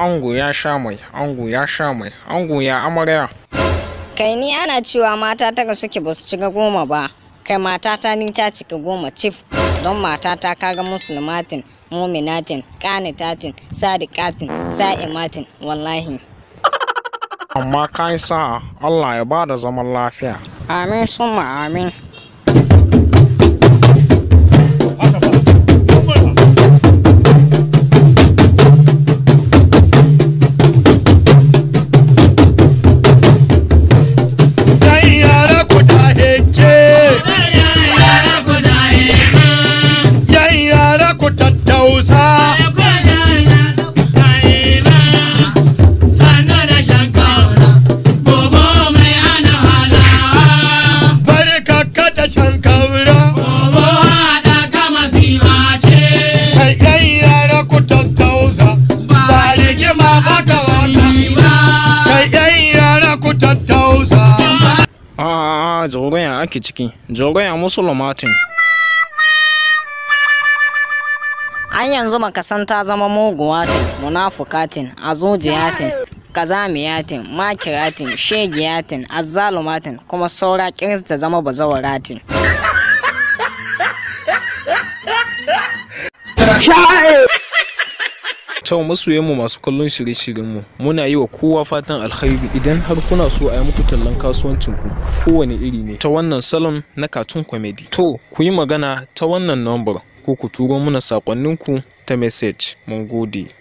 ango ya sha mai ango ya sha mai ango ya amarya kai ni ana cewa mata tara suke ba su cika goma ba kai matata ni ta cika goma cif don matata kaga musulmatin muminatin kanitatin sadiqatin sa'imatin wallahi amma kai sa Allah ya bada zaman lafiya amin summa amin a ake ciki musulun martin an yanzu makasan ta zama muguwatin munafukatin azujiyatin kazamiyatin makiratin shegiyatin azzalumatin kuma saura kirista ta zama bazawaratin wa masoyanmu masu kallon shirye-shiryenmu muna yi wa kowa fatan alkhairi idan har kuna so a yi muku tallan kasuwancin ku kowane iri ne ta wannan salon na katun comedy to ku yi magana ta wannan number ko ku turo muna sakonninku ta message mun gode